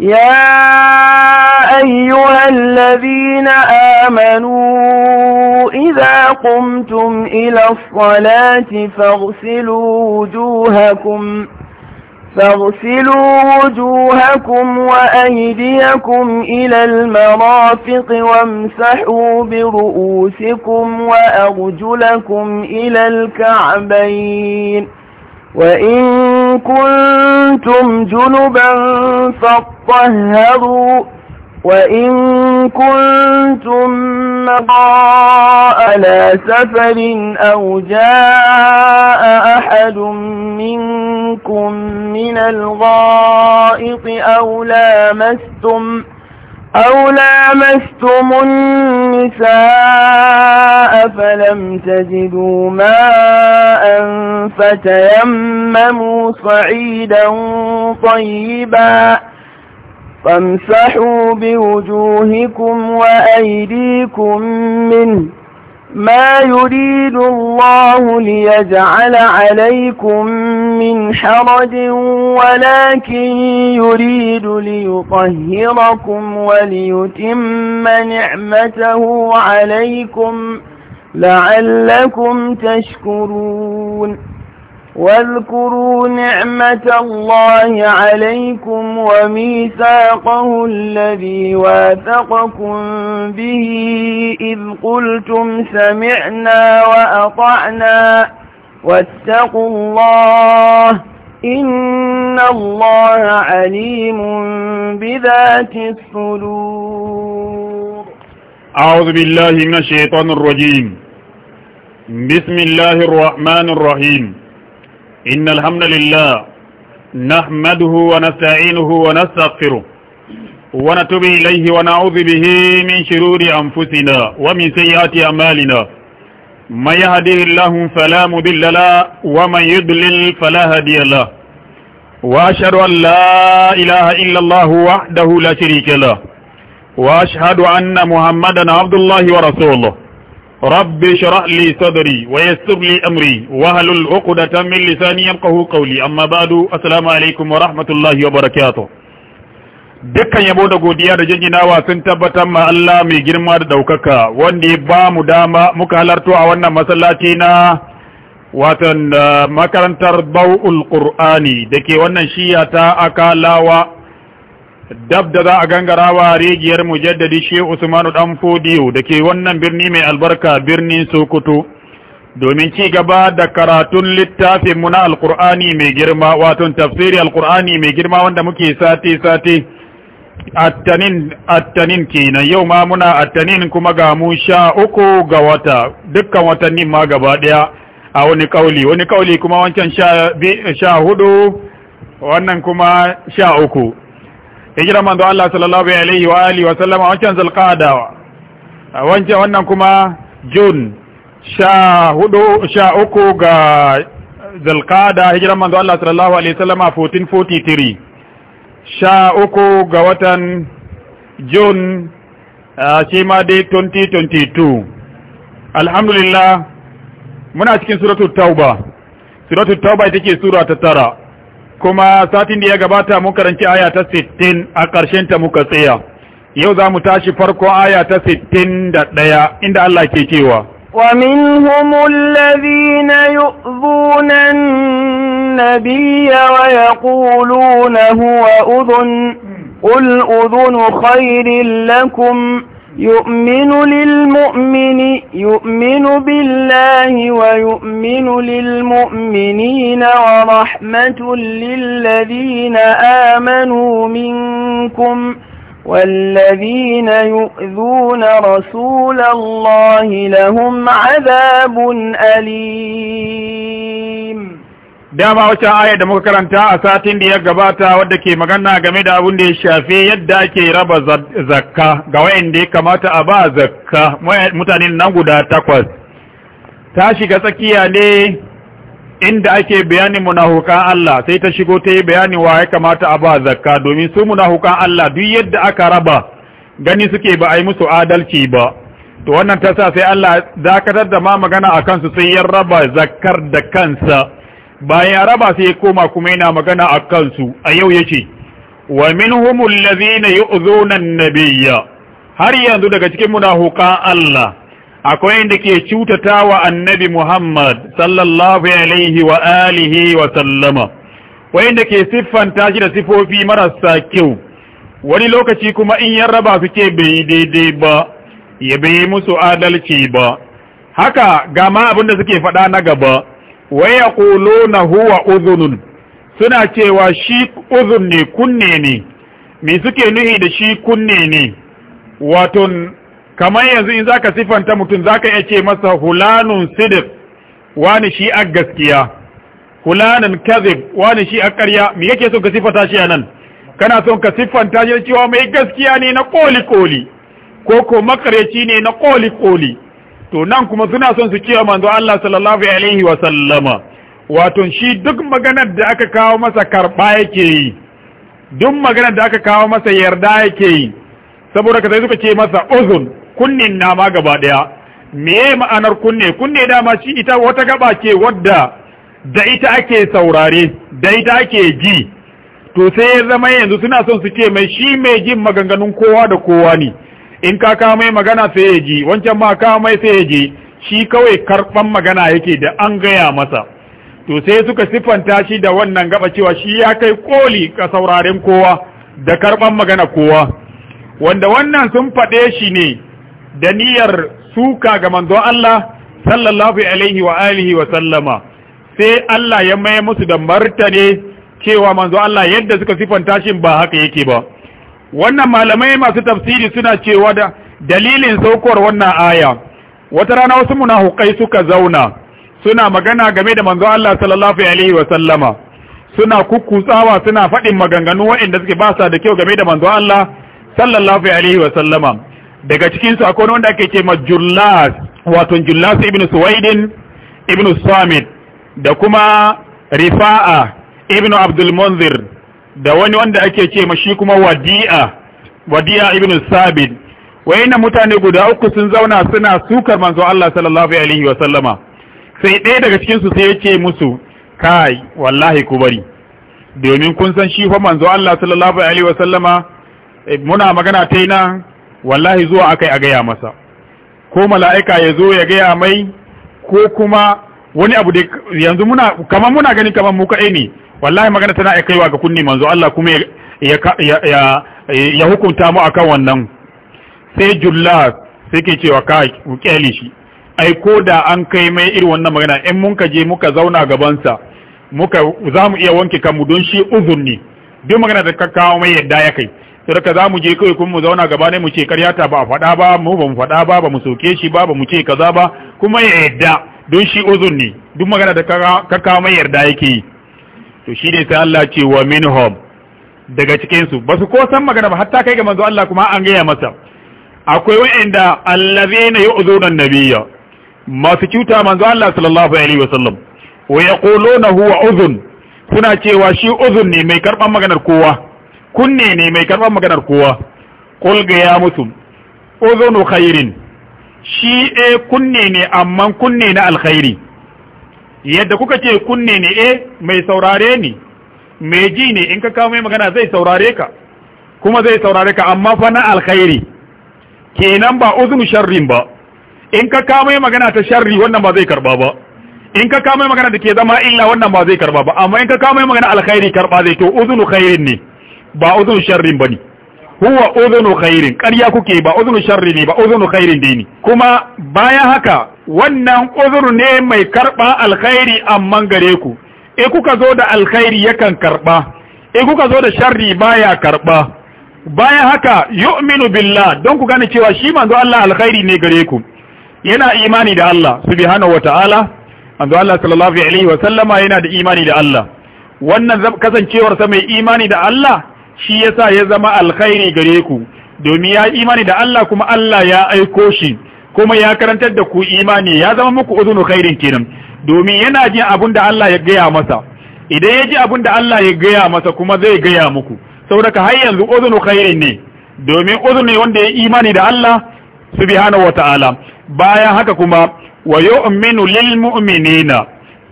يا أيها الذين آمنوا إذا قمتم إلى الصلاة فاغسلوا وجوهكم فاغسلوا وجوهكم وأيديكم إلى المرافق وامسحوا برؤوسكم وأرجلكم إلى الكعبين وإن كنتم جنبا فاطهروا وإن كنتم مقاء لا سفر أو جاء أحد منكم من الغائط أو لامستم أو لامستم النساء فلم تجدوا ماء فتيمموا صعيدا طيبا فامسحوا بوجوهكم وأيديكم منه ما يريد الله ليجعل عليكم من حرج ولكن يريد ليطهركم وليتم نعمته عليكم لعلكم تشكرون واذكروا نعمة الله عليكم وميثاقه الذي واثقكم به إذ قلتم سمعنا وأطعنا واتقوا الله إن الله عليم بذات الصدور أعوذ بالله من الشيطان الرجيم بسم الله الرحمن الرحيم إن الحمد لله نحمده ونستعينه ونستغفره ونتوب إليه ونعوذ به من شرور أنفسنا ومن سيئات أمالنا من يهده الله فلا مضل له ومن يضلل فلا هادي له وأشهد أن لا إله إلا الله وحده لا شريك له وأشهد أن محمدا عبد الله ورسوله rabbi shirah li sadri wa yassir li amri wa halul uqdata min lisani yamqahu qawli amma ba'du assalamu alaikum wa rahmatullahi wa barakatuh dukkan yabo da godiya da jinjina wa sun tabbatar ma Allah mai girma da ɗaukaka wanda ya ba mu dama muka halarto a wannan masallaci na watan eh, makarantar bau'ul qur'ani dake wannan shiya ta akalawa dab da za a wa rigiyar mujaddadi shi Usmanu dan Fodiyo da ke wannan birni mai albarka birnin Sokoto domin ci gaba da karatun littafin mu na Alkur'ani mai girma wato tafsiri Alkur'ani mai girma wanda muke sati sati attanin attanin kenan yau ma muna attanin kuma ga mu sha uku ga wata dukkan watannin ma gaba daya a wani kauli wani kauli kuma wancan sha hudu wannan kuma sha uku hijira manzo Allah sallallahu alaihi wa alihi wa sallama wancan zulqada wancan wannan kuma jun sha hudu sha uku ga zulqada hijira manzo Allah sallallahu alaihi wa sallama 1443 sha uku ga watan jun shi ma dai 2022 alhamdulillah muna cikin suratul tauba suratul tauba ita ce sura ta tara kuma satin da ya gabata muka karanci aya ta 60 a ƙarshen ta muka tsaya yau za mu tashi farko aya ta 61 inda Allah ke cewa ومنهم الذين يؤذون النبي ويقولون هو أذن قل أذن خير لكم يؤمن للمؤمن يؤمن بالله ويؤمن للمؤمنين ورحمة للذين آمنوا منكم والذين يؤذون رسول الله لهم عذاب أليم dama wacce ayar da muka karanta a satin da ya gabata wadda ke magana game da abun da ya shafe yadda ake raba zakka ga wayanda ya kamata a ba zakka mutane nan guda takwas ta shiga tsakiya ne inda ake bayanin munafukan Allah sai ta shigo ta yi bayani wa ya kamata a ba zakka domin su munafukan Allah duk yadda aka raba gani suke ba a yi musu adalci ba to wannan ta sa sai Allah dakatar da ma magana a kansu sai ya raba zakkar da kansa bayan ya raba sai ya koma kuma yana magana a kansu a yau ya ce. wa min minhum allazina yu'zuna na biya. har yanzu daga cikin munafiqan Allah akwai yadda ke cutata wa annabi Muhammad sallallahu alaihi wa alihi wa sallama da ke siffanta shi da siffofi marasa kyau wani lokaci kuma in yan raba su ke bai daidai ba ya bai musu adalci ba haka gama ma abin da suke faɗa na gaba wa yaquluna huwa udhunun suna cewa shi uzun ne kunne ne me suke nuhi da shi kunne ne wato kamar yanzu in zaka sifanta mutum zaka iya ce masa hulanun sidiq wani shi a gaskiya hulanun kazib wani shi a ƙarya me yake son ka sifata shi anan kana son ka siffanta shi cewa mai gaskiya ne na koli-koli ko ko makareci ne na koli-koli to nan kuma suna son su cewa manzo Allah sallallahu alaihi wa sallama wato shi duk maganar da aka kawo masa karba yake yi duk maganar da aka kawo masa yarda yake yi saboda ka sai suka ce masa uzun kunnin nama gaba daya me ma'anar kunne kunne dama shi ita wata gaba ce wadda da ita ake saurare da ita ake ji to sai ya zama yanzu suna son su ce mai shi mai jin maganganun kowa da kowa ne in ka kawo mai magana sai ya ji wancan ma kawo mai sai ya ji shi kawai karɓan magana yake da an gaya masa to sai suka siffanta shi da wannan gaba cewa shi ya kai koli ka sauraren kowa da karɓan magana kowa wanda wannan sun faɗe shi ne da niyyar suka ga manzon Allah sallallahu alaihi wa alihi wa sallama sai Allah ya maye musu da martane cewa manzo Allah yadda suka sifanta shi ba haka yake ba wannan malamai masu tafsiri suna cewa da dalilin saukowar wannan aya wata rana wasu munafukai suka zauna suna magana game da manzo Allah sallallahu alaihi wa sallama suna kukkutsawa suna faɗin maganganu waɗanda suke ba sa da kyau game da manzo Allah sallallahu alaihi wa sallama daga cikin su akwai wanda ake ce majullas wato jullas ibn suwaidin ibn samit da kuma rifa'a ibn abdul munzir da wani wanda ake ce mashi kuma wadi'a wadi'a ibn sabit wayannan mutane guda uku sun zauna suna sukar manzo Allah sallallahu alaihi wa sallama sai ɗaya daga cikin su sai yace musu kai wallahi ku bari domin kun san shi fa manzo Allah sallallahu alaihi wa sallama eh, muna magana ta ina wallahi zuwa akai a gaya masa ko mala'ika ya zo ya gaya mai ko kuma wani abu da yanzu muna kamar muna gani kamar mu kaɗai ne wallahi magana tana iya kaiwa ga kunni manzo Allah kuma ya hukunta mu akan wannan sai jullas sai ke cewa ka kyale shi ai ko da an kai mai irin wannan magana in mun ka je muka zauna gabansa muka za mu iya wanke kanmu don shi uzunni duk magana da ka kawo mai yadda ya kai sai ka za mu je kai kuma mu zauna gaba ne mu ce karya ta ba a faɗa ba mu ba mu faɗa ba ba mu soke shi ba ba mu ce kaza ba kuma ya yadda don shi uzunni duk magana da ka kawo mai yarda yake yi to shi ne sai Allah ce wa minhum daga cikin su basu ko san magana ba hatta kai ga manzo Allah kuma an gaya masa akwai wa'anda allazina yu'zuna an-nabiyya masu cuta manzo Allah sallallahu alaihi wasallam wa yaquluna huwa uzun suna cewa shi uzun ne mai karban maganar kowa kunne ne mai karban maganar kowa qul ya musu uzunu khairin shi eh kunne ne amma kunne na alkhairi yadda kuka ce kunne ne eh mai saurare ni mai ji ne in ka kawo mai magana zai saurare ka kuma zai saurare ka amma fa na alkhairi kenan ba uzun sharrin ba in ka kawo mai magana ta sharri wannan ba zai karba ba in ka kawo mai magana da ke zama illa wannan ba zai karba ba amma in ka kawo mai magana alkhairi karba zai to uzun khairin ne ba uzun sharrin bane huwa uzun khairin ƙarya kuke ba uzun sharri ne ba uzun khairin dai ne kuma bayan haka wannan uzur ne mai karɓa alkhairi amma gare ku e kuka zo da alkhairi yakan karɓa e kuka zo da sharri baya karɓa bayan haka yu'minu billah don ku gane cewa shi manzo Allah alkhairi ne gare ku yana imani da Allah subhanahu wataala manzo Allah sallallahu alaihi wa sallama yana da imani da Allah wannan kasancewar sa mai imani da Allah shi yasa ya zama alkhairi gare ku domin ya imani da Allah kuma Allah ya aiko shi kuma ya karantar da ku imani ya zama muku uzunu khairin kenan domin yana jin abinda da Allah ya gaya masa idan ya ji abin da Allah ya gaya masa kuma zai gaya muku saboda har yanzu uzunu khairin ne domin uzun ne wanda ya imani da Allah subhanahu wataala bayan haka kuma wa yu'minu lil mu'minina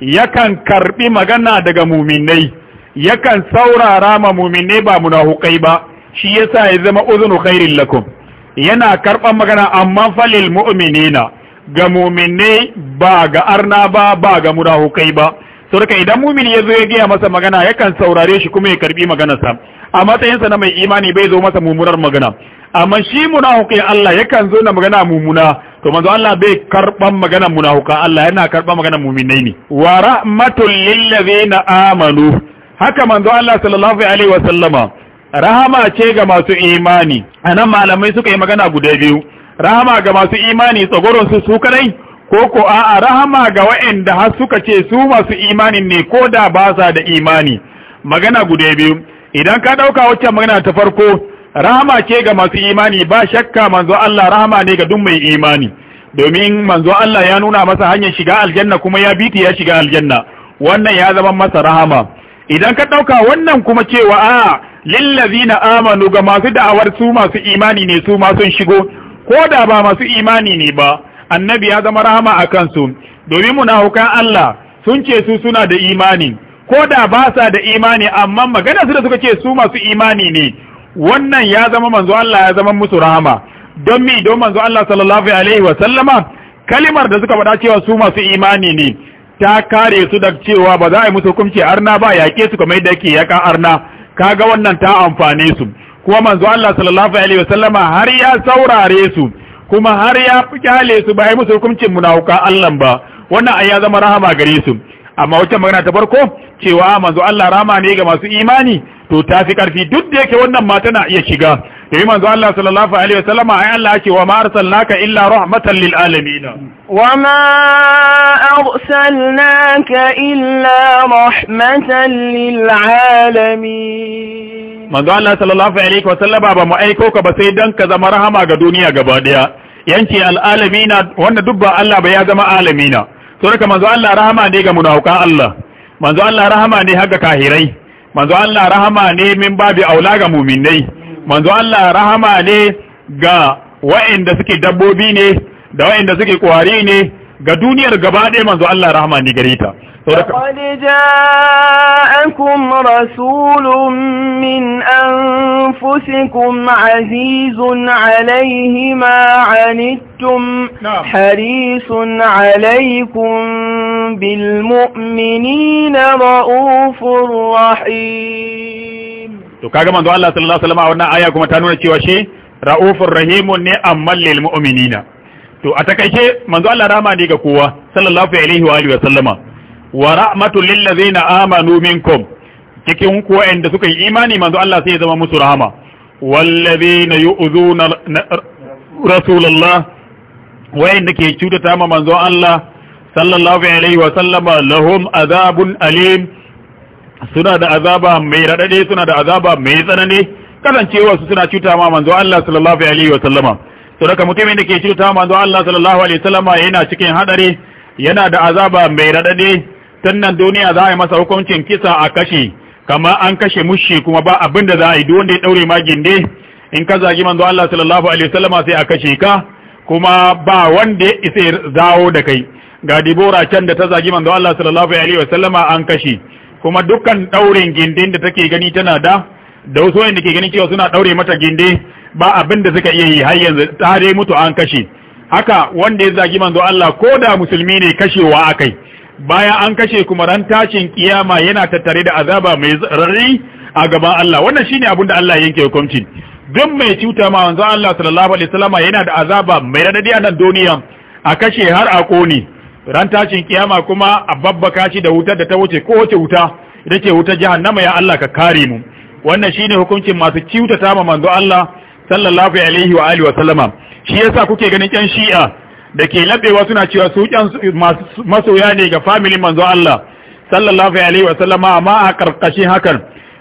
yakan karbi magana daga mu'minai yakan saurara ma mu'minai ba munafiqai ba shi yasa ya zama uzunu khairin lakum yana karɓar magana amma falil mu'minina ga mu'minai ba ga arna ba ba ga munafukai ba saboda idan mu'mini zo ya gaya masa magana yakan saurare shi kuma ya karbi maganarsa a matsayinsa na mai imani bai zo masa mummunar magana amma shi munafukai Allah yakan zo na magana mummuna to manzo Allah bai karban magana munafuka Allah yana karban magana mu'minai ne wa rahmatul lil amanu haka manzo Allah sallallahu alaihi wasallama rahama ce ga masu imani anan malamai suka yi magana guda biyu rahama ga masu imani tsogoron su su kadai ko ko a'a rahama ga wa'anda har suka ce su masu imanin ne ko da ba sa da imani magana guda biyu idan ka dauka waccan magana ta farko rahama ce ga masu imani ba shakka manzo Allah rahama ne ga duk mai imani domin manzo Allah ya nuna masa hanyar shiga aljanna kuma ya biti ya shiga aljanna wannan ya zama masa rahama idan ka dauka wannan kuma cewa a Lillazi na amanu ga masu da'awar su masu imani ne su ma shigo ko da ba masu imani ne ba annabi ya zama rahama a kansu domin muna hukan Allah sun ce su suna da imani ko da ba sa da imani amma magana su da suka ce su masu imani ne wannan ya zama manzo Allah ya zama musu rahama don mi don manzo Allah sallallahu alaihi wa kalimar da suka faɗa cewa su masu imani ne ta kare su da cewa ba za a yi musu hukunci arna ba yake su kamar yadda yake yakan arna kaga wannan ta amfane su kuma manzo Allah sallallahu alaihi wasallama har ya saurare su kuma har ya kyale su ba musu hukuncin munawuka Allah ba wannan ai ya zama rahama gare su amma wacce magana ta farko cewa manzo Allah rahama ne ga masu imani to tafi karfi duk da yake wannan ma tana iya shiga yayi manzo Allah sallallahu alaihi wasallama ai Allah yake wa ma arsalnaka illa rahmatan lil alamin wa ma arsalnaka illa rahmatan lil alamin manzo Allah sallallahu alaihi wa wasallama ba mu aiko ka ba sai dan ka zama rahama ga duniya gaba daya yanki al alamin wanda dubba Allah ba ya zama alamina to haka manzo Allah rahama ne ga munafikan Allah manzo Allah rahama ne har ga kahirai manzo Allah rahama ne min babu aula ga mu'minai manzo Allah rahama ne ga wa'inda suke dabbobi ne da wa'inda suke kwari ne ga duniyar gaba ɗaya manzo Allah rahama ne gare ta لقد جاءكم رسول من أنفسكم عزيز عليه ما عنتم حريص عليكم بالمؤمنين رؤوف رحيم to kaga manzo Allah sallallahu alaihi wasallam a wannan aya kuma ta nuna cewa shi raufur rahimun ne amman lil mu'minina to a takaice manzo Allah rahama ne ga kowa sallallahu alaihi wa alihi wasallama wa rahmatul lil ladzina amanu minkum cikin ku suka yi imani manzo Allah sai ya zama musu rahama wal ladzina rasulullah ke cutata ma manzo Allah sallallahu alaihi wa sallama lahum adabun alim suna da azaba mai radade suna da azaba mai tsanani kasancewa su suna cuta ma manzo Allah sallallahu alaihi wa sallama to daga mutumin da ke cuta ma manzo Allah sallallahu alaihi wa sallama yana cikin hadari yana da azaba mai radade tannan duniya za a yi masa hukuncin kisa a kashe kama an kashe mushi kuma ba abin da za a yi duk wanda ya daure ma ginde in ka zagi manzo Allah sallallahu alaihi wa sallama sai a kashe ka kuma ba wanda ya isa zawo da kai ga dibora can da ta zagi manzo Allah sallallahu alaihi wa sallama an kashe kuma dukkan daurin gindin da take gani tana da da wasu wanda ke ganin cewa suna daure mata gindi ba abin da suka iya yi har yanzu tare mutu an kashe haka wanda ya zagi manzo Allah ko da musulmi ne kashewa akai bayan an kashe kuma ran tashin kiyama yana tattare da azaba mai rari a gaban Allah wannan shine abin da Allah yanke hukunci duk mai cuta ma manzo Allah sallallahu alaihi wasallam yana da azaba mai radadi a nan duniya a kashe har a kone ran tashin kiyama kuma a babbaka shi da wutar da ta wuce ko wuce wuta ita ce wuta jahannama ya Allah ka kare mu wannan shine hukuncin masu ta ma manzo Allah sallallahu alaihi wa alihi wa sallama shi yasa kuke ganin kyan shi'a da ke labewa suna cewa su kyan masoya ne ga family manzo Allah sallallahu alaihi wa sallama amma a karkashin hakan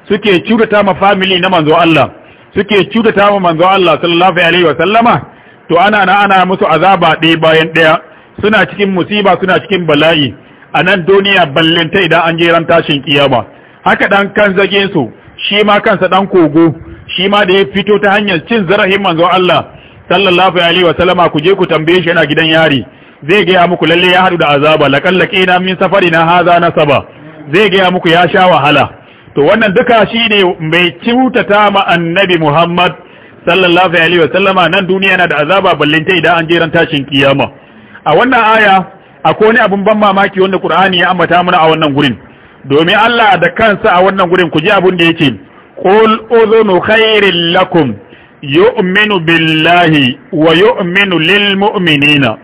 suke ciwuta ma family na manzo Allah suke ciwuta ma manzo Allah sallallahu alaihi wa sallama to ana na ana musu azaba ɗaya bayan ɗaya suna cikin musiba suna cikin bala'i a nan duniya ballinta idan an jeran tashin kiyama haka dan kan zage su shi ma kansa dan kogo shi ma da ya fito ta hanyar cin zarahin manzo Allah sallallahu alaihi wa sallama ku je ku tambaye shi yana gidan yari zai gaya muku lalle ya hadu da azaba lakallake na min na haza na saba zai gaya muku ya sha wahala to wannan duka shine mai ciutata ma annabi Muhammad sallallahu alaihi wa sallama nan duniya na da azaba ballinta idan an jeran tashin kiyama a wannan aya akwai wani abin ban mamaki wanda Qur'ani ya ambata mana a wannan gurin domin Allah da kansa a wannan gurin ku ji abin da yake qul udhunu khairil lakum yu'minu billahi wa yu'minu lil mu'minina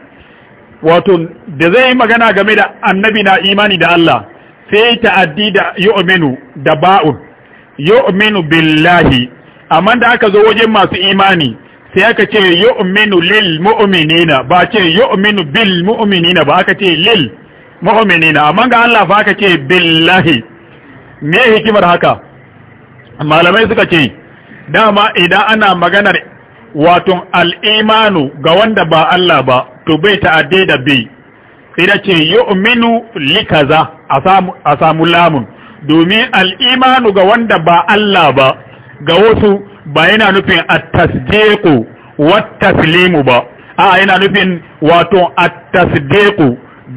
wato da zai magana game da annabi na imani da Allah sai ta'addi da yu'minu da ba'u yu'minu billahi amma da aka zo wajen masu imani sai aka ce yu'minu lil mu'minina ba ce yu'minu bil mu'minina ba aka ce lil mu'minina amma ga Allah ba aka ce billahi me hikimar haka malamai suka ce dama idan ana maganar waton al'imanu ga wanda ba Allah ba to bai ta'adde da bi sai da ce yu'minu likaza a samu lamun domin al'imanu ga wanda ba Allah ba ga wasu ba yana nufin attasdiqu wattaslimu ba a yana nufin wato attasdiqu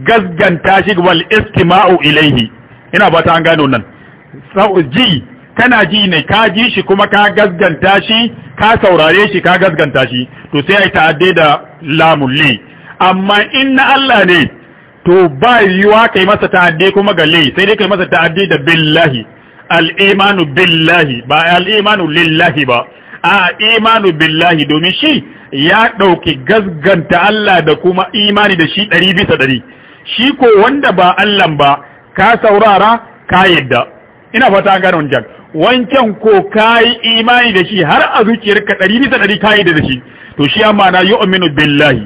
gazganta gasganta shi wal istima'u ilaihi ina ba ta an gano nan ji kana ji ne ka ji shi kuma ka gasganta shi ka saurare shi ka gasganta shi to sai ai ta'adde da lamulli. amma in na Allah ne to ba yiwa kai masa ta'adde kuma ga li sai dai kai masa ta'adde da billahi al'imanu billahi ba al'imanu lillahi ba a imanu billahi domin shi ya ɗauki gazganta Allah da kuma imani da shi ɗari bisa ɗari shi ko wanda ba Allah ba ka saurara ka yadda ina fata gano wancan wancan ko ka yi imani da shi har a zuciyarka ɗari bisa ɗari ka yadda da shi to shi ya mana yu'minu billahi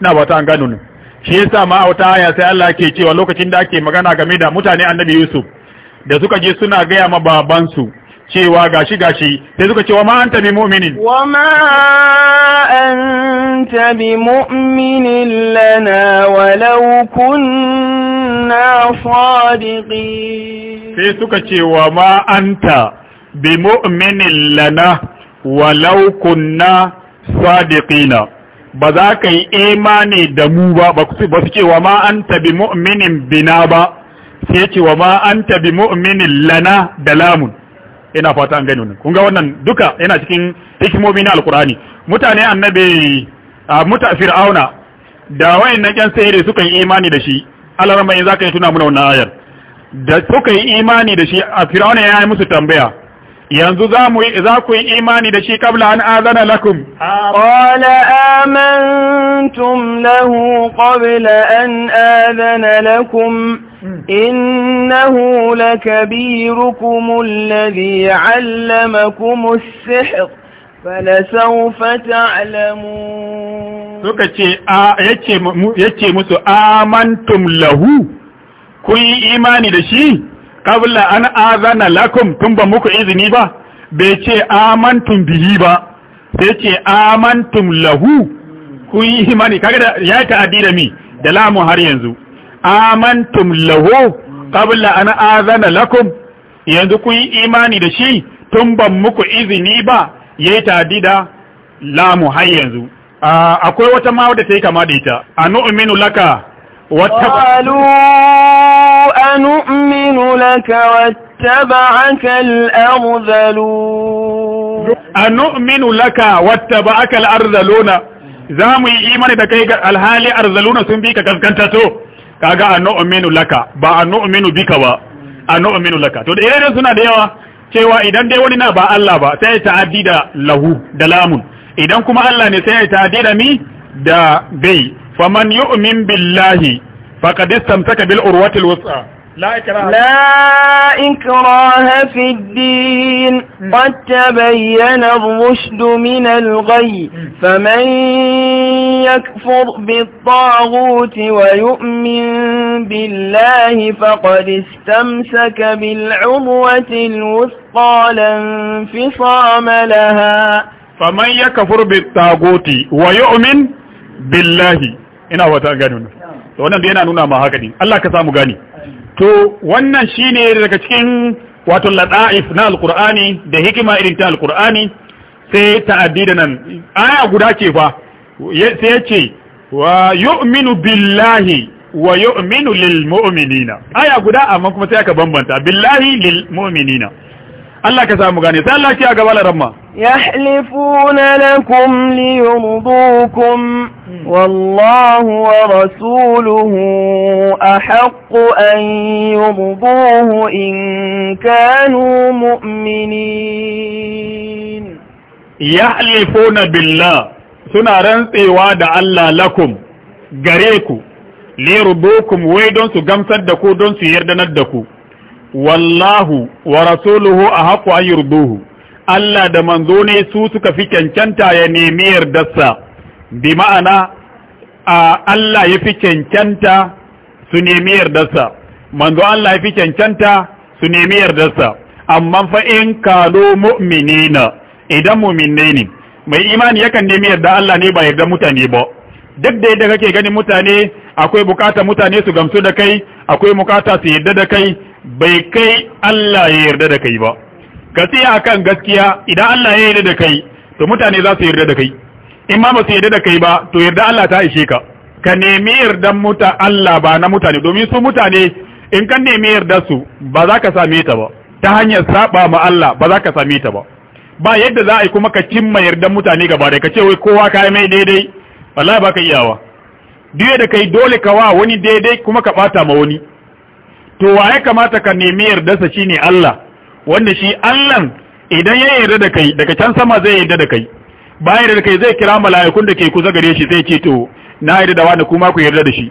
ina fata gano ne shi yasa ma wata ya sai Allah ke cewa lokacin da ake magana game da mutane annabi Yusuf da suka je suna gaya ma babansu cewa gashi gashi sai suka cewa ma anta bi mu'minin wa ma anta bi mu'minin lana walau kunna sadiqin sai suka ce wa ma anta bi mu'minin lana walau kunna sadiqina ba za ka yi imani da mu ba ba su ce wa ma anta bi mu'minin bina ba sai ya ce wa ma an bi mu'minin lana da lamun ina fata an gani wannan kun wannan duka yana cikin hikimomi na alkurani mutane annabi muta fir'auna da wayan wayannan yan da suka yi imani da shi Allah ramai zaka yi tuna muna wannan ayar da suka yi imani da shi a fir'auna ya yi musu tambaya yanzu za ku yi imani da shi kabla an azana lakum qala amantum lahu qabla an azana lakum hmm. innahu lakabirukum alladhi 'allamakum as-sihr falasawfa ta'lamun suka ce yace yace musu amantum lahu ku yi imani da shi qabla an azana lakum tun ba muku izini ba bai ce amantum bihi ba sai ce amantum lahu ku yi imani kaga da ya ta adira mi da lamu har yanzu amantum lahu qabla an azana lakum yanzu ku yi imani da shi tun ban muku izini ba yayi ta adida lamu har yanzu akwai wata ma wadda ta yi kama da ita anu'minu laka wata نؤمن لك واتبعك الأرذلون أنؤمن لك واتبعك الأرذلون za mu yi imani da kai ga alhali arzaluna sun bi ka kaskanta to kaga a nu'minu laka ba a nu'minu bika ba a nu'minu laka to da suna da yawa cewa idan dai wani na ba Allah ba sai ya ta'addi da lahu da lamun idan kuma Allah ne sai ya da mi da bai faman billahi faqad istamsaka bil urwatil wus'a لا إكراه في الدين قد تبين الرشد من الغي فمن يكفر بالطاغوت ويؤمن بالله فقد استمسك بالعروة الوثقى لا انفصام لها فمن يكفر بالطاغوت ويؤمن بالله إنه wata gani وأنا to wannan ما yana nuna ma haka to wannan shine daga cikin wato lada'if na alqur'ani da hikima irin ta alqur'ani sai ta'addi da nan aya guda ce fa sai ya ce wa yu'minu billahi wa yu'minu lil mu'minina aya guda amma kuma sai aka bambanta billahi lil mu'minina Allah ka samu gane sai Allah ya gaba lakum wallahu wa rasuluhu ahaqqu an yurduhu in kanu mu'minin yahlifuna billa suna rantsewa da Allah lakum gare ku liyurdukum wai don su gamsar da ku don su yardanar da ku wallahu wa rasuluhu a haku an yurduhu Allah da manzo su suka fi cancanta ya nemi yardarsa bi ma'ana Allah ya fi cancanta su nemi yardarsa manzo Allah ya fi cancanta su nemi yardarsa amma fa in kalo mu'minina idan mu'minai ne mai imani yakan nemi yarda Allah ne ba yarda mutane ba duk da yadda kake ganin mutane akwai bukata mutane su gamsu da kai akwai bukata su yarda da kai bai kai Allah ya yarda da kai ba ka tsaya akan gaskiya idan Allah ya yarda da kai to mutane za su yarda da kai in ma ba su yarda da kai ba to yarda Allah ta ishe ka ka nemi yardan muta Allah ba na mutane domin su mutane in ka nemi yarda su ba za ka same ta ba ta hanyar saba ma Allah ba za ka same ta ba ba yadda za a yi kuma ka cimma yardan mutane gaba da ka ce wai kowa ka mai daidai wallahi ba ka iyawa duk da kai dole ka wa wani daidai kuma ka bata ma wani to wa ya kamata ka nemi yardarsa ne Allah wanda shi Allah idan ya yarda da kai daga can sama zai yarda da kai ba yarda da kai zai kira mala'ikun da ke kusa gare shi zai ce to na yarda da wani kuma ku yarda da shi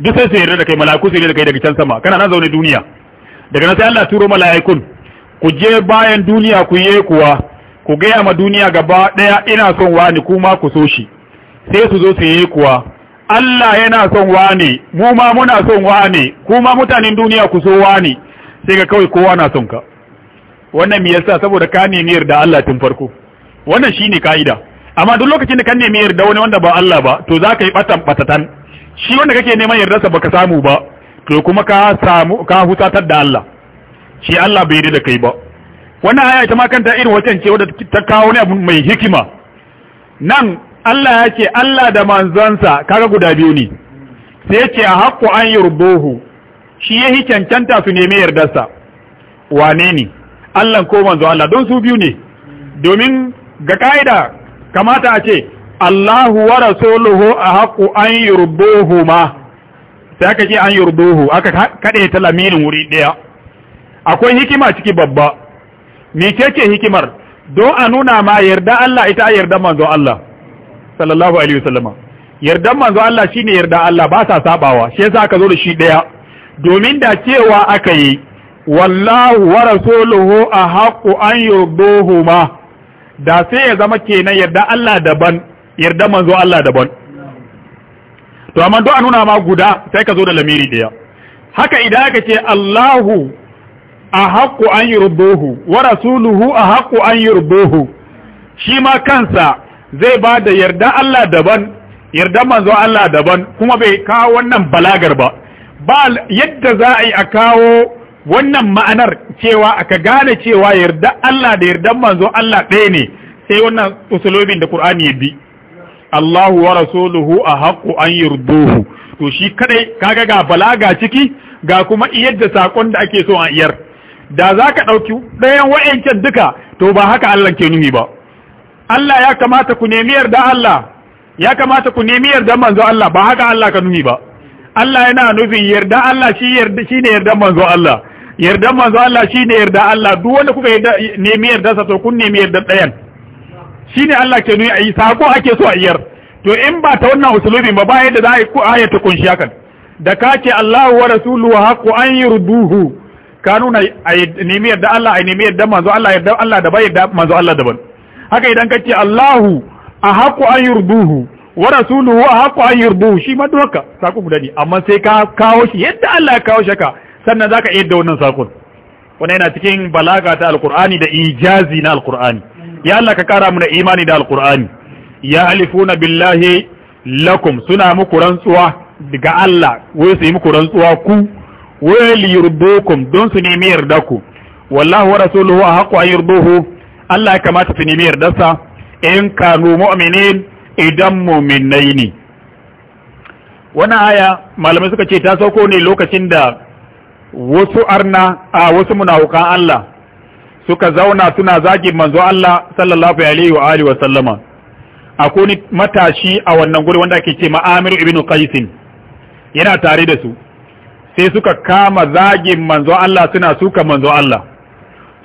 duk sai su yarda da kai mala'iku su yarda da kai daga can sama kana nan zaune duniya daga nan sai Allah turo mala'ikun ku je bayan duniya ku yi kuwa ku gaya ma duniya gaba daya ina son wani kuma ku so shi sai su zo su yi kuwa Allah yana son wane mu ma muna son wane kuma mutanen duniya ku so wani, sai ga kawai kowa na son ka wannan me yasa saboda ka nemi yarda Allah tun farko wannan shine kaida amma duk lokacin da ka nemi yarda wani wanda ba Allah ba to za ka yi batan batatan shi wanda kake neman sa baka samu ba to kuma ka samu ka hutatar da Allah shi Allah bai yarda da kai ba wannan aya ita ma kanta irin wacce ce wadda ta kawo ne abu mai hikima nan Allah ya ce Allah da manzonsa kaga guda biyu ne sai ya ce a haƙƙo an yi yurduhu shi ya yi cancanta su nemi yardarsa wane ne Allah ko manzo Allah don su biyu ne domin ga ka'ida kamata a ce Allahu wa rasuluhu a haƙƙo an yi yurduhu ma sai aka ce an yi yurduhu aka kaɗe ta laminin wuri ɗaya akwai hikima ciki babba me ce hikimar don a nuna ma yarda Allah ita a yarda manzo Allah sallallahu alaihi wasallama yardan manzo Allah shine yarda Allah ba sa sabawa shi yasa aka zo da shi daya domin da cewa aka yi wallahu wa rasuluhu ahqqu an yurduhuma da sai ya zama kenan yarda Allah daban yarda manzo Allah daban to amma do a ma guda sai ka zo da lamiri daya haka idan aka ce Allahu ahqqu an yurduhu wa rasuluhu ahqqu an yurduhu shi ma kansa zai ba da yarda Allah daban yarda manzo Allah daban kuma bai kawo wannan balagar ba ba yadda za a yi a kawo wannan ma'anar cewa aka gane cewa yarda Allah da yarda manzo Allah ɗaya ne sai wannan usulobin da Qur'ani ya bi Allahu wa rasuluhu ahqqu an yurduhu to shi kadai kaga ga balaga ciki ga kuma yadda sakon da ake so a iyar da zaka ɗauki ɗayan wayancan duka to ba haka Allah ke nuni ba Allah ya kamata ku nemi yarda Allah ya kamata ku nemi yarda manzo Allah ba haka Allah ka nuni ba Allah yana nufin yarda Allah shi yarda ne yarda manzo Allah yarda manzo Allah shi ne yarda Allah duk wanda kuka yarda nemi yarda sa to kun nemi yarda ɗayan shine Allah ke nuni ai sako ake so a yar to in ba ta wannan usulubi ba ba yadda za a yi ayata kunshi hakan da ka ce Allahu wa rasuluhu haqqu an yurduhu ka nuna a nemi yarda Allah a nemi yarda manzo Allah yarda Allah da bai yarda manzo Allah daban haka idan kace Allahu a ahaqu an yurduhu wa rasuluhu ahaqu an yurduhu shi ma doka guda ne amma sai ka kawo shi yadda Allah ya kawo shaka sannan zaka iya da wannan sakon wannan yana cikin balaga ta alqur'ani da ijazi na alqur'ani ya Allah ka kara mu da imani da alqur'ani ya alifuna billahi lakum suna muku rantsuwa daga Allah wai su yi muku rantsuwa ku wai liyurdukum don su nemi yarda ku wallahu wa rasuluhu ahaqu an yurduhu Allah ya kamata su nemi yardarsa in kanu mu'minin idan mu'minai ne wannan aya malamai suka ce ta sauko ne lokacin da wasu arna a wasu munafukan Allah suka zauna suna zagin manzo Allah sallallahu alaihi wa alihi wa sallama akwai matashi a wannan guri wanda ake ce ma'amir ibn qaisin yana tare da su sai suka kama zagin manzo Allah suna suka manzo Allah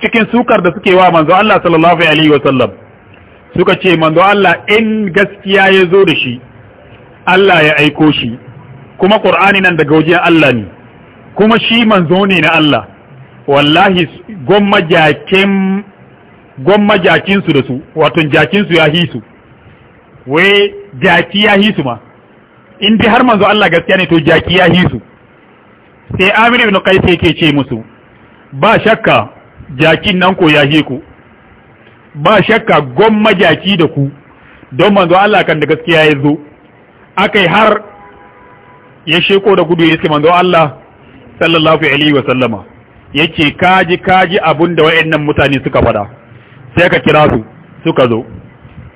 cikin sukar da suke wa manzo Allah sallallahu alaihi wa sallam suka ce manzo Allah in gaskiya ya zo da shi Allah ya aiko shi kuma Qur'ani nan daga wajen Allah ne kuma shi manzo ne na Allah wallahi gomma jakin gomma jakin su da su wato jakin su ya hisu wai jaki ya hisu ma in dai har manzo Allah gaskiya ne to jaki ya hisu sai Amir ibn Qais yake ce musu ba shakka jakin nan ko ya ku ba shakka gwamma jaki da ku don manzo Allah kan da gaskiya ya zo akai har ya sheko da gudu ya yake manzo Allah sallallahu alaihi wa sallama yake kaji kaji da wayannan mutane suka fada sai ka kira su suka zo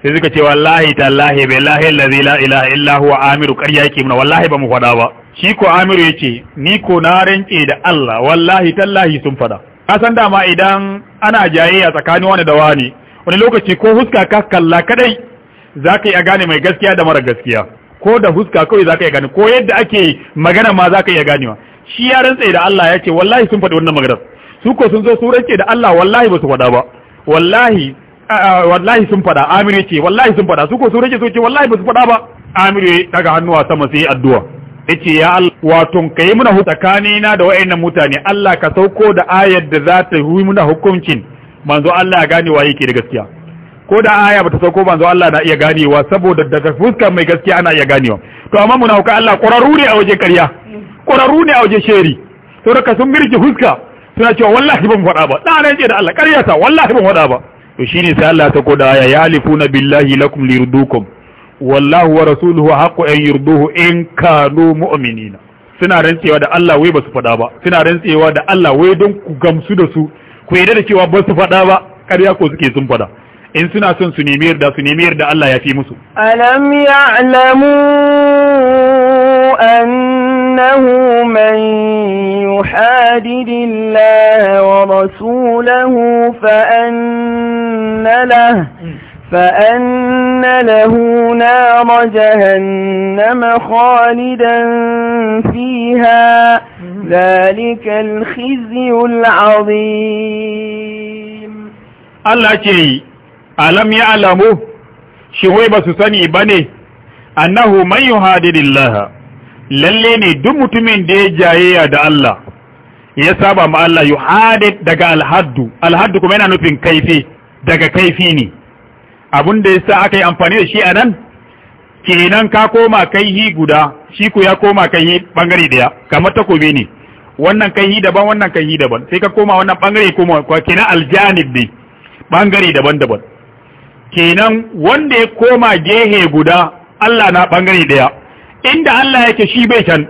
sai suka ce wallahi tallahi billahi allazi la ilaha illa huwa amiru qarya yake muna wallahi ba mu fada ba shi ko amiru yace ni ko na rance da Allah wallahi tallahi sun fada san dama idan ana jayayya tsakanin wani da wani wani lokaci ko huska ka kalla kadai za ka yi a gane mai gaskiya da mara gaskiya ko da huska kawai za ka yi gane ko yadda ake magana ma za ka yi ganewa shi ya rantse da Allah ya ce wallahi sun faɗi wannan maganar su ko sun zo su rantsa da Allah wallahi ba su faɗa ba wallahi wallahi sun faɗa amiru ce wallahi sun faɗa su ko sun rantsa su ce wallahi ba su faɗa ba amiru daga hannuwa sama sai addu'a yace ya Allah wato kai muna tsakani na da wayannan mutane Allah ka sauko da ayar da za ta yi muna hukuncin manzo Allah ya gane waye ke da gaskiya ko da aya bata sauko manzo Allah na iya ganewa saboda daga fuskar mai gaskiya ana iya ganewa to amma muna huka Allah ƙwararru ne a waje ƙarya ƙwararru ne a waje sheri to daga sun girki fuska suna cewa wallahi ban faɗa ba da na ce da Allah ƙarya ta wallahi ban faɗa ba to shine sai Allah ta da aya ya alifuna billahi lakum lirudukum wallahu wa rasuluhu haqqu an yurduhu in kanu mu'minina suna rantsewa da Allah wai basu faɗa ba suna rantsewa da Allah wai don ku gamsu da su ku yarda da cewa basu faɗa ba ƙarya ko suke sun faɗa in suna son su nemi yarda su nemi yarda Allah ya fi musu alam ya'lamu annahu man yuhadidillahi wa rasulahu fa anna فأن له نار جهنم خالدا فيها ذلك الخزي العظيم الله كي ألم يعلموا شوي بسساني بني أنه من يهادد الله lalle ne duk mutumin da ya jayayya da Allah ya saba ma Allah yuhadid daga alhaddu Alhadu kuma yana nufin kaifi daga kaifi ne abin da yasa aka yi amfani da shi a nan kenan ka koma kai hi guda shi ku ya koma kai hi bangare daya kamar takobi ne wannan kai hi daban wannan kai hi daban sai ka koma wannan bangare koma kenan aljanib ne bangare daban-daban kenan wanda ya koma gehe guda Allah na bangare daya inda Allah yake shi bai can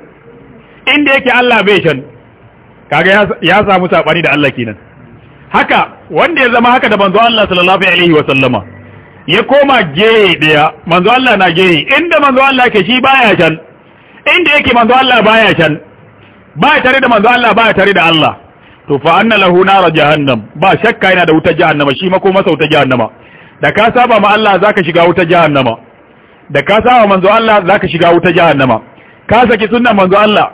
inda yake Allah bai can kaga ya samu sabani da Allah kenan haka wanda ya zama haka da banzo Allah sallallahu alaihi wa sallama ya koma gehe daya manzo Allah na gehe inda manzo Allah ke shi baya can inda yake manzo Allah baya can baya tare da manzo Allah baya tare da Allah to fa anna lahu nar jahannam ba shakka yana da wuta jahannama shi ma koma sautar jahannama da ka saba ma Allah zaka shiga wuta jahannama da ka saba manzo Allah zaka shiga wuta jahannama ka saki sunnar manzo Allah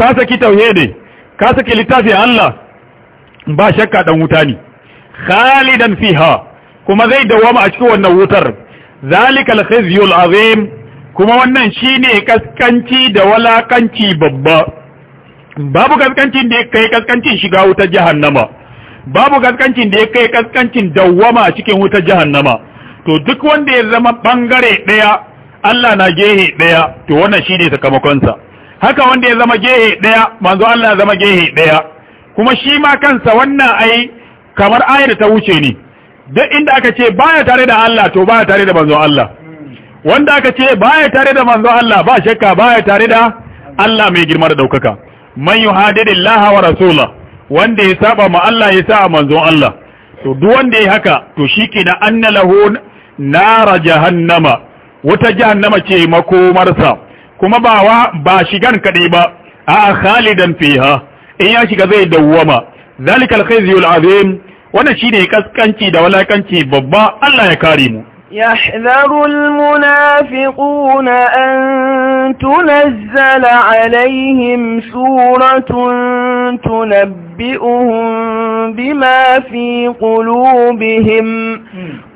ka saki tauhidi ka saki littafin Allah ba shakka dan wuta ne khalidan fiha kuma zai dawama a cikin wannan wutar zalikal khizyul azim kuma wannan shine kaskanci da walakanci babba babu kaskancin da ya kai kaskancin shiga wutar jahannama babu kaskancin da ya kai kaskancin dawama a cikin wutar jahannama to duk wanda ya zama bangare daya Allah na gehe daya to wannan shine sakamakonsa haka wanda ya zama gehe daya manzo Allah ya zama gehe daya kuma shi ma kansa wannan ai kamar ayar ta wuce ne duk inda aka ce baya tare da Allah to baya tare da manzon Allah wanda aka ce baya tare da manzon Allah ba shakka baya tare da Allah mai girma da daukaka man yuhadidillaha wa rasula wanda ya saba ma Allah ya sa manzon Allah to duk wanda ya haka to shikenan anna lahu nara jahannama wata jahannama ce makomarsa kuma ba wa ba shigan kadai ba a khalidan fiha in ya shiga zai dawwama zalikal khizyu azim wannan shine kaskanci da walakanci babba Allah ya kare mu يحذر المنافقون أن تنزل عليهم سورة تنبئهم بما في قلوبهم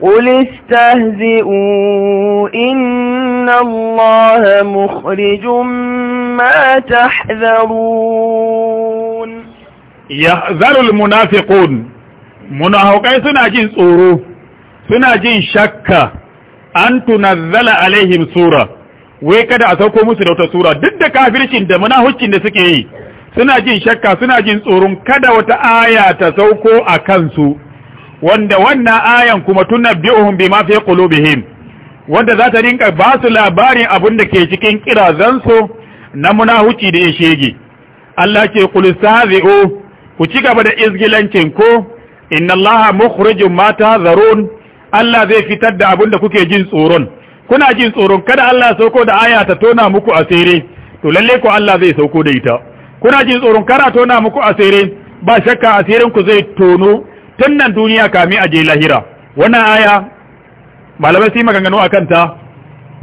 قل استهزئوا إن الله مخرج ما تحذرون يحذر المنافقون munahukai suna jin tsoro suna jin shakka an tunazzala alaihim sura wai kada a sauko musu da wata sura duk da kafircin da munahukin da suke yi suna jin shakka suna jin tsoron kada wata aya ta sauko a kansu wanda wannan ayan kuma tunabbi'uhum bima fi qulubihim wanda za ta rinka ba su labarin abin da ke cikin kirazansu na munahuci da ya shege Allah ke kul sazi'u ku ci gaba da izgilancin ko inna allaha mukhrijum ma tahzarun Allah zai fitar da abin da kuke jin tsoron kuna jin tsoron kada Allah ya sauko da aya ta tona muku asiri to lalle ko Allah zai sauko da ita kuna jin tsoron kara tona muku asiri ba shakka asirin ku zai tono tun nan duniya kami a je lahira wannan aya malamai sai maganganu akan ta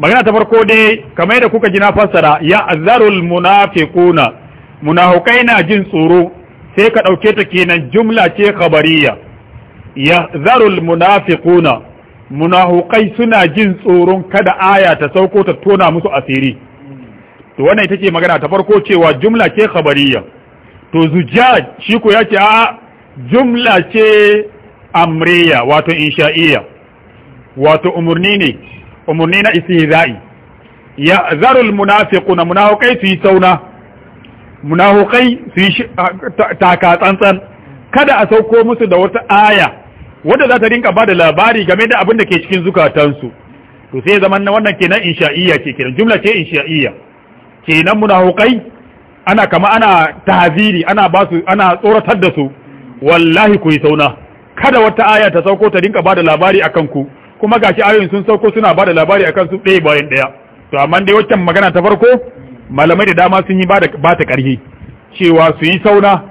magana ta farko dai kamar yadda kuka ji na fassara ya azarul munafiquna munafiqai na jin tsoro sai ka ɗauke ta kenan jumla ce khabariya ya zarul munafiquna munafukai suna jin tsoron kada aya ta sauko ta tona musu asiri to wannan ita ce magana ta farko cewa jumla ce khabariya to zujaj shi ko yace a jumla ce amriya wato insha'iya wato umurni ne umurni na istihza'i ya zarul munafiquna munafiqai su yi sauna munafukai su yi taka tsantsan kada a sauko musu da wata aya wadda za ta rinka ba da labari game da abin da ke cikin zukatansu to sai zaman na wannan kenan insha'iyya ce kenan jumla ce insha'iyya kenan munafukai ana kama ana tahziri ana ba su ana tsoratar da su wallahi ku yi sauna kada wata aya ta sauko ta rinka ba da labari akan ku kuma gashi ayoyin sun sauko suna ba da labari akan su ɗaya bayan ɗaya to amma dai waccan magana ta farko malamai da dama sun yi ba ta ƙarfi cewa su yi sauna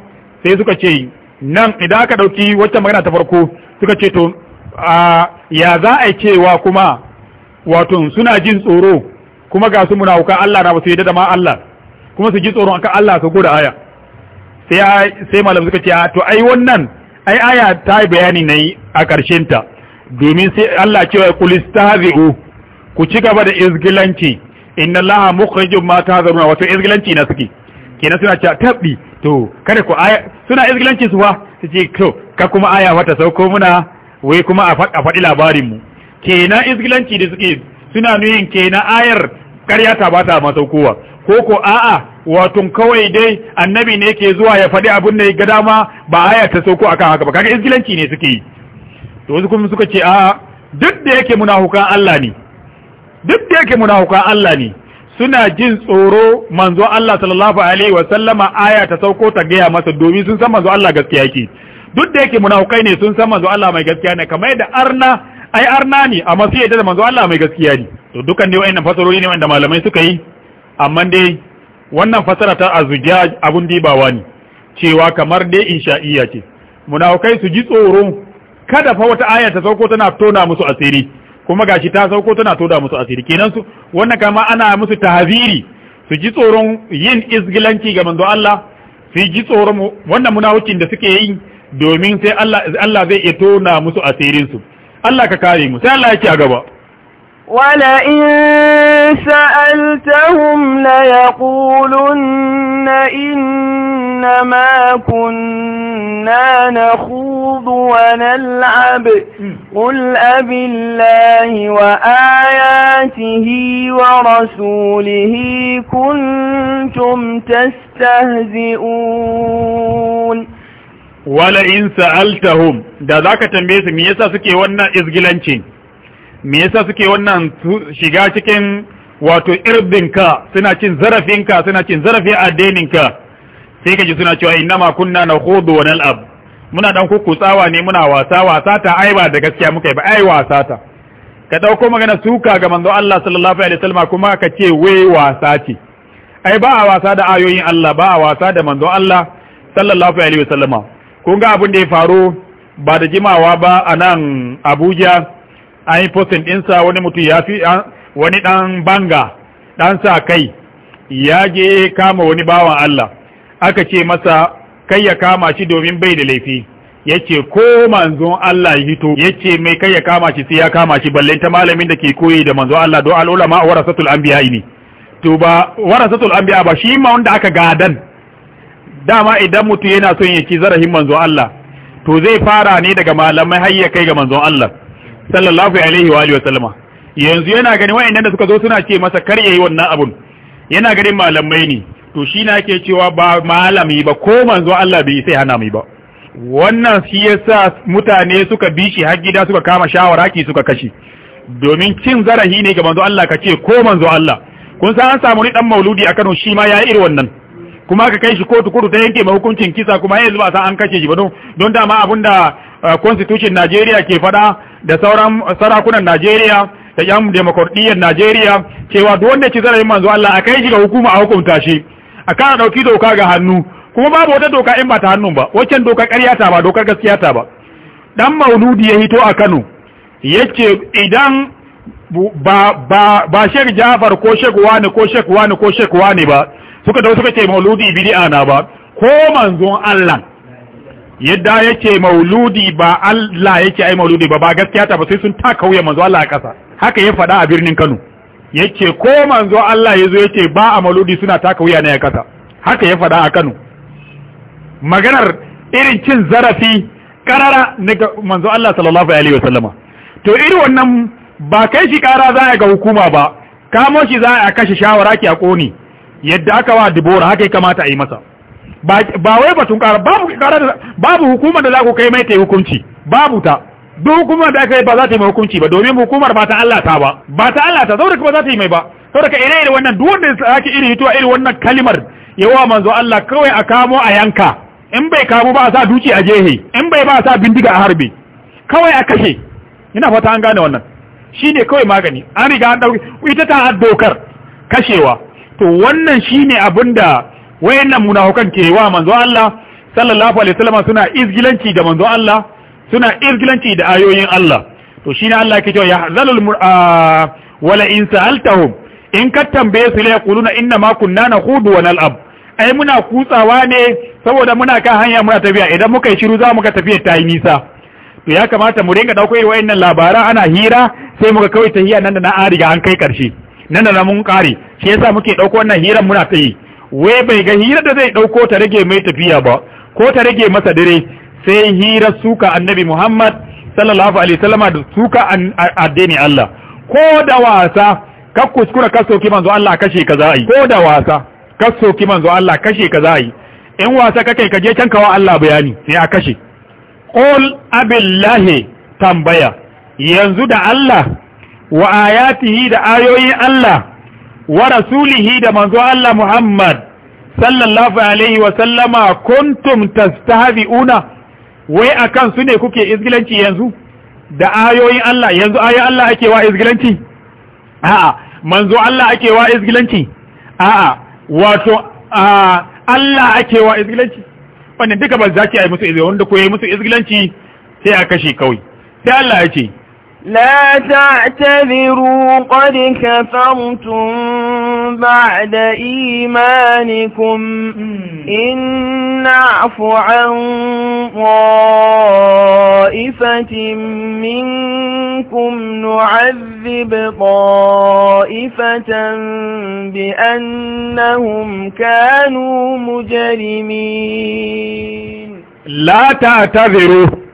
sai suka ce nan idan aka ɗauki wacce magana ta farko suka ce to ya za a cewa kuma wato suna jin tsoro kuma ga su munafukan Allah na ba su yi da ma Allah kuma su ji tsoron akan Allah su goda aya sai malam suka ce to ai wannan ai aya ta yi bayani ne a ƙarshen ta domin sai Allah cewa qul ku ci gaba da izgilanci inna allaha mukhrijum ma tahzaruna wato izgilanci na suke kenan suna cewa tabbi to kada ku aya suna izgilanci su fa su ce to ka kuma aya wata sauko muna wai kuma a faɗi labarin mu kenan izgilanci da suke suna nuyin kenan ayar ƙarya ta ba ta ma saukowa ko ko a'a wato kawai dai annabi ne ke zuwa ya faɗi abin da ya ga dama ba aya ta sauko akan haka ba kaga izgilanci ne suke yi to wasu kuma suka ce a'a duk da yake munafukan Allah ne duk da yake munafuka Allah ne suna jin tsoro manzo Allah sallallahu alaihi wa sallama aya ta sauko ta gaya masa domin sun san manzo Allah gaskiya yake duk da yake munafukai ne sun san manzo Allah mai gaskiya ne kamar yadda arna ai arna ne amma sai yadda manzo Allah mai gaskiya ne to dukan dai wayannan fasarori ne wanda malamai suka yi amma dai wannan fasara ta azujaj abun dibawa ne cewa kamar dai insha'iyya ce munafukai su ji tsoro kada fa wata aya ta sauko tana tona musu asiri kuma gashi ta sauko tana toda musu asiri kenan su wannan kama ana musu tahaziri su ji tsoron yin izgilanci ga manzo Allah su ji tsoron wannan munawucin da suke yi domin sai Allah Allah zai iya tona musu asirin su Allah ka kare mu sai Allah yake a gaba wala in sa'altahum la yaqulunna in إنما كنا نخوض ونلعب قل أب الله وآياته ورسوله كنتم تستهزئون ولئن سألتهم da zaka tambaye su me yasa suke wannan izgilanci me yasa suke wannan shiga cikin wato irbinka suna cin zarafinka suna cin zarafin addininka sai kaji suna cewa ma kunna na hudu wa nal'ab muna dan kukutsawa ne muna wasa wasa ta ai ba da gaskiya muka yi ba ai wasa ta ka dauko magana suka ga manzo Allah sallallahu alaihi wasallam kuma ka ce wai wasa ce ai ba a wasa da ayoyin Allah ba a wasa da manzo Allah sallallahu alaihi wasallam kun ga abin da ya faru ba da jimawa ba a nan Abuja ai yi din sa wani mutum ya fi wani dan banga dan sa kai ya je kama wani bawan Allah aka ce masa kai ya kama shi domin bai da laifi yace ko manzon Allah ya hito yace mai kai ya kama shi sai ya kama shi balle ta malamin da ke koyi da manzon Allah do al ulama warasatul anbiya ne to ba warasatul anbiya ba shi ma wanda aka gadan dama idan mutum yana son ya ci zarahin manzon Allah to zai fara ne daga malamai har ya kai ga manzon Allah sallallahu alaihi wa alihi wa sallama yanzu yana ganin wayannan da suka zo suna ce masa kar yayi wannan abun yana ganin malamai ne to shi na ke cewa ba malami ba ko manzo Allah bai sai hana mai ba wannan shi yasa mutane suka bi shi har gida suka kama shawara ki suka kashi domin cin zarahi ne ga manzo Allah ka ce ko manzo Allah kun san an samu ni dan mauludi a Kano shi ma yayi irin wannan kuma ka kai shi kotu kotu ta yanke hukuncin kisa kuma yanzu ba san an kashe shi ba don don dama abinda eh, constitution Najeriya ke fada da sauran sarakunan Najeriya da yan demokradiyyar Najeriya cewa duk wanda ya ci zarafin manzo Allah a kai shi ga hukuma a hukunta shi a kana dauki doka ga hannu kuma babu wata doka in ba ta hannun ba waccan doka ƙarya ta ba dokar gaskiya ta ba dan mauludi ya hito a Kano yace idan ba ba ba shek Jafar ko shek Wani ko shek Wani ko shek Wani ba suka da suka ce mauludi bid'a na ba ko manzon Allah yadda yake mauludi ba Allah yake ai mauludi ba ba gaskiya ta ba sai sun ta wuya manzo Allah a ƙasa haka ya faɗa a birnin Kano yake ko manzo Allah yazo yace ba a maludi suna taka wuya na ya kasa haka ya faɗa a Kano maganar irin cin zarafi karara ga manzo Allah sallallahu alaihi wasallama to irin wannan ba kai shi kara za a ga hukuma ba kamo shi za a kashe shawara ki a koni yadda aka wa dibora haka ya kamata a yi masa ba wai batun kara babu kara babu hukuma da za ku kai mai ta hukunci babu ta duk hukumar da aka yi ba za ta yi mai hukunci ba domin hukumar ba ta Allah ta ba ba ta Allah ta saboda ba za ta yi mai ba saboda ka ire ire wannan duk wanda yake iri hituwa iri wannan kalimar yawa manzo Allah kawai a kamo a yanka in bai kamo ba a sa duci a jehe in bai ba a sa bindiga a harbe kawai a kashe ina fata an gane wannan shine kawai magani an riga an dauke ita ta dokar kashewa to wannan shine abinda wayannan munafukan ke wa manzo Allah sallallahu alaihi wasallam suna izgilanci ga manzo Allah suna irgilanci da ayoyin Allah to shine Allah yake cewa ya mur'a wala in sa'altahum in ka tambaye su la yaquluna inna ma kunna nakhudu wa nal'ab ai muna kutsawa ne saboda muna kan hanya muna tafiya idan muka yi shiru za mu ga tafiya ta yi nisa to ya kamata mu ringa dauko irin wayannan labaran ana hira sai muka kawai tahiya nan da na an riga an kai karshe nan da mun kare shi yasa muke dauko wannan hiran muna ta yi wai bai ga hira da zai dauko ta rage mai tafiya ba ko ta rage masa dare sai hira suka annabi Muhammad sallallahu alaihi wasallama da suka addini Allah ko da wasa ka kuskura ka soki manzo Allah kashe ka za'i ko da wasa ka soki manzo Allah kashe ka za'i in wasa kai ka je can kawo Allah bayani sai a kashe qul abillahi tambaya yanzu da Allah wa ayatihi da ayoyin Allah wa rasulihi da manzo Allah Muhammad sallallahu alaihi wa sallama kuntum tastahzi'una wai kan su ne kuke izgilanci yanzu da ayoyin Allah yanzu ayoyin Allah ake wa izgilanci a'a manzo Allah ake wa izgilanci a'a wato Allah ake wa izgilanci wannan duka ba za ki yi musu izgilanci wanda ko yi musu izgilanci sai a kashe kawai sai Allah ya ce لا تعتذروا قد كفرتم بعد إيمانكم إن نعف عن طائفة منكم نعذب طائفة بأنهم كانوا مجرمين لا تعتذروا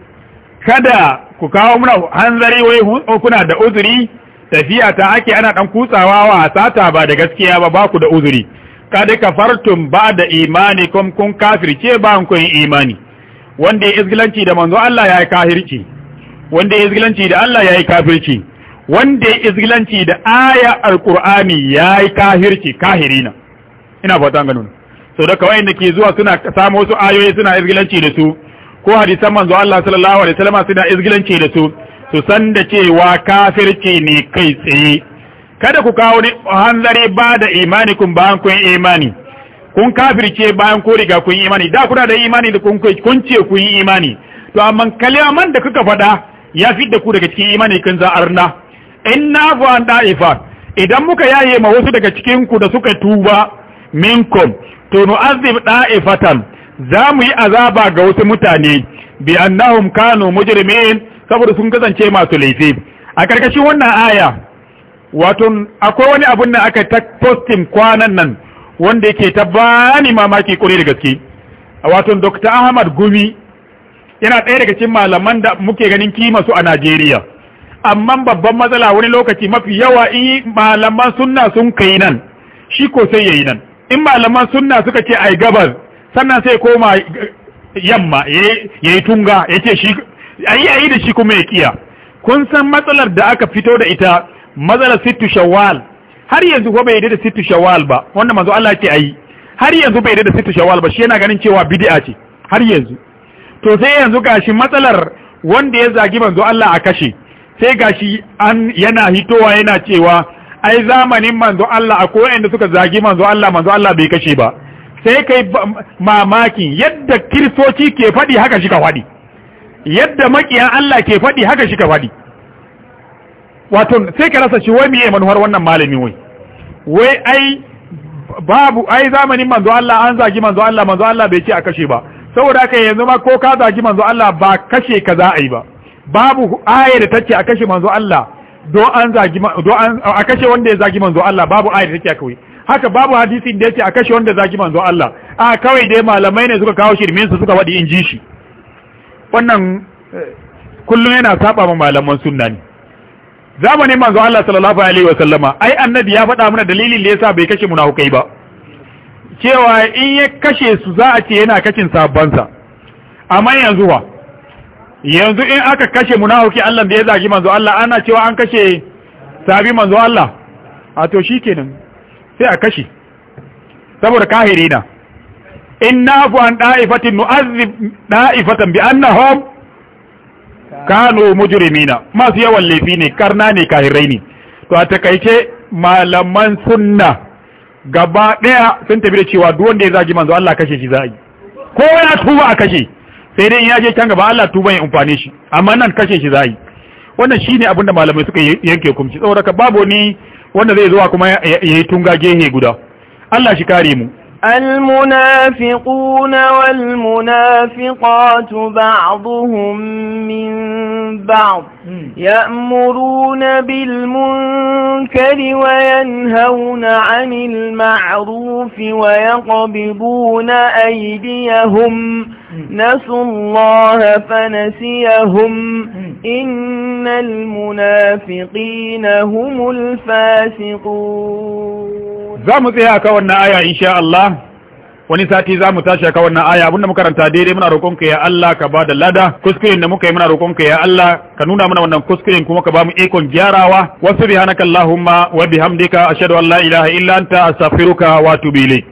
kada ku kawo muna hanzari wai oh, kuna da uzuri tafiya ta ake ana dan kutsawa wa sata ba da gaskiya ba baku da uzuri kada kafartum ba da imani kum kun kafirce ba kun imani wanda ya izgilanci da manzo Allah ya yi kafirci wanda ya izgilanci da Allah ya yi kafirci wanda ya izgilanci da aya alqur'ani ya yi kafirci kahirina ina fata ganin so da kawai da ke zuwa suna samu wasu ayoyi suna izgilanci da su ko hadisan manzo Allah sallallahu alaihi wasallam suna izgilanci da su su san da cewa kafirci ne kai tsaye kada ku kawo ni hanzari ba da imani kun bayan kun imani kun kafirce bayan ko riga kun imani da kuna da imani da kun kun ce kun yi imani to amma kalaman da kuka faɗa ya fi da ku daga cikin imani kun za arna inna fa da'ifa idan muka yaye ma wasu daga cikin ku da suka tuba minkum to nu'azib da'ifatan za mu yi azaba ga wasu mutane bi annahum kanu mujrimin saboda sun kasance masu laifi a karkashin wannan aya wato akwai wani abun da aka ta postin kwanan nan wanda yake ta bani mamaki kuri da gaske wato Dr. Ahmad Gumi yana ɗaya daga cikin malaman da muke ganin kima su a Najeriya amma babban matsala wani lokaci mafi yawa in malaman sunna sun kai nan shi ko sai yayi nan in malaman sunna suka ce ai gabas sannan sai koma yamma ya yi tunga ya ce shi ayi ayi da shi kuma ya kiya kun san matsalar da aka fito da ita matsalar sittu shawal har yanzu ko bai da sittu shawal ba wanda manzo Allah ce ayi har yanzu bai da sittu shawal ba shi yana ganin cewa bid'a ce har yanzu to sai yanzu gashi matsalar wanda ya zagi manzo Allah a kashe sai gashi an yana hitowa yana cewa ai zamanin manzo Allah akwai wanda suka zagi manzo Allah manzo Allah bai kashe ba sai kai mamakin yadda kiristoci ke faɗi haka shi ka faɗi yadda makiyan Allah ke faɗi haka shi ka faɗi wato sai ka rasa shi wai miye manuwar wannan malami wai wai ai babu ai zamanin manzo Allah an zagi manzo Allah manzo Allah bai ce a kashe ba saboda haka yanzu ma ko ka zagi manzo Allah ba kashe ka za a yi ba babu ayar da tace a kashe manzo Allah do an zagi do an a kashe wanda ya zagi manzo Allah babu ayar da take a kawai haka babu hadisin da yake a kashe wanda zaki manzo Allah a kawai dai malamai ne suka kawo shirmin su suka wadi in ji shi wannan eh, kullum yana saba ma malaman sunna ne zamanin manzo Allah sallallahu alaihi wa sallama ai annabi ya faɗa mana dalilin da yasa bai kashe munafukai ba cewa in ya kashe su za a ce yana kashin sa amma yanzu wa yanzu in aka kashe munafiki Allah da ya zagi manzo Allah ana cewa an kashe sabi manzo Allah a to shikenan sai a kashe saboda kahiri na in na fi an ɗa'ifatin nu'azib ɗa'ifatan bi an na hom kano mujirimina masu yawan laifi ne karna ne kahirai ne to a takaice malaman sunna gaba ɗaya sun tafi da cewa duk wanda ya zagi manzo Allah kashe shi zai ko ya tuba a kashe sai dai in ya je can gaba Allah tuba ya umfane shi amma nan kashe shi za wannan shine abinda malamai suka yanke hukunci saboda babu ni wanda zai zuwa kuma ya yi tunga gehe guda Allah shi kare mu المنافقون والمنافقات بعضهم من بعض يأمرون بالمنكر وينهون عن المعروف ويقبضون أيديهم نسوا الله فنسيهم إن المنافقين هم الفاسقون za mu tsaya إن شاء الله wani sati za mu tashi aka wannan aya abinda muka karanta daidai muna ka ya Allah ka ba da lada kuskuren da muka yi muna roƙonka ya Allah ka nuna mana wannan kuskuren kuma ka ba mu ikon gyarawa wasu bihanaka Allahumma wa bihamdika ashhadu an la ilaha illa anta astaghfiruka wa atubu ilayk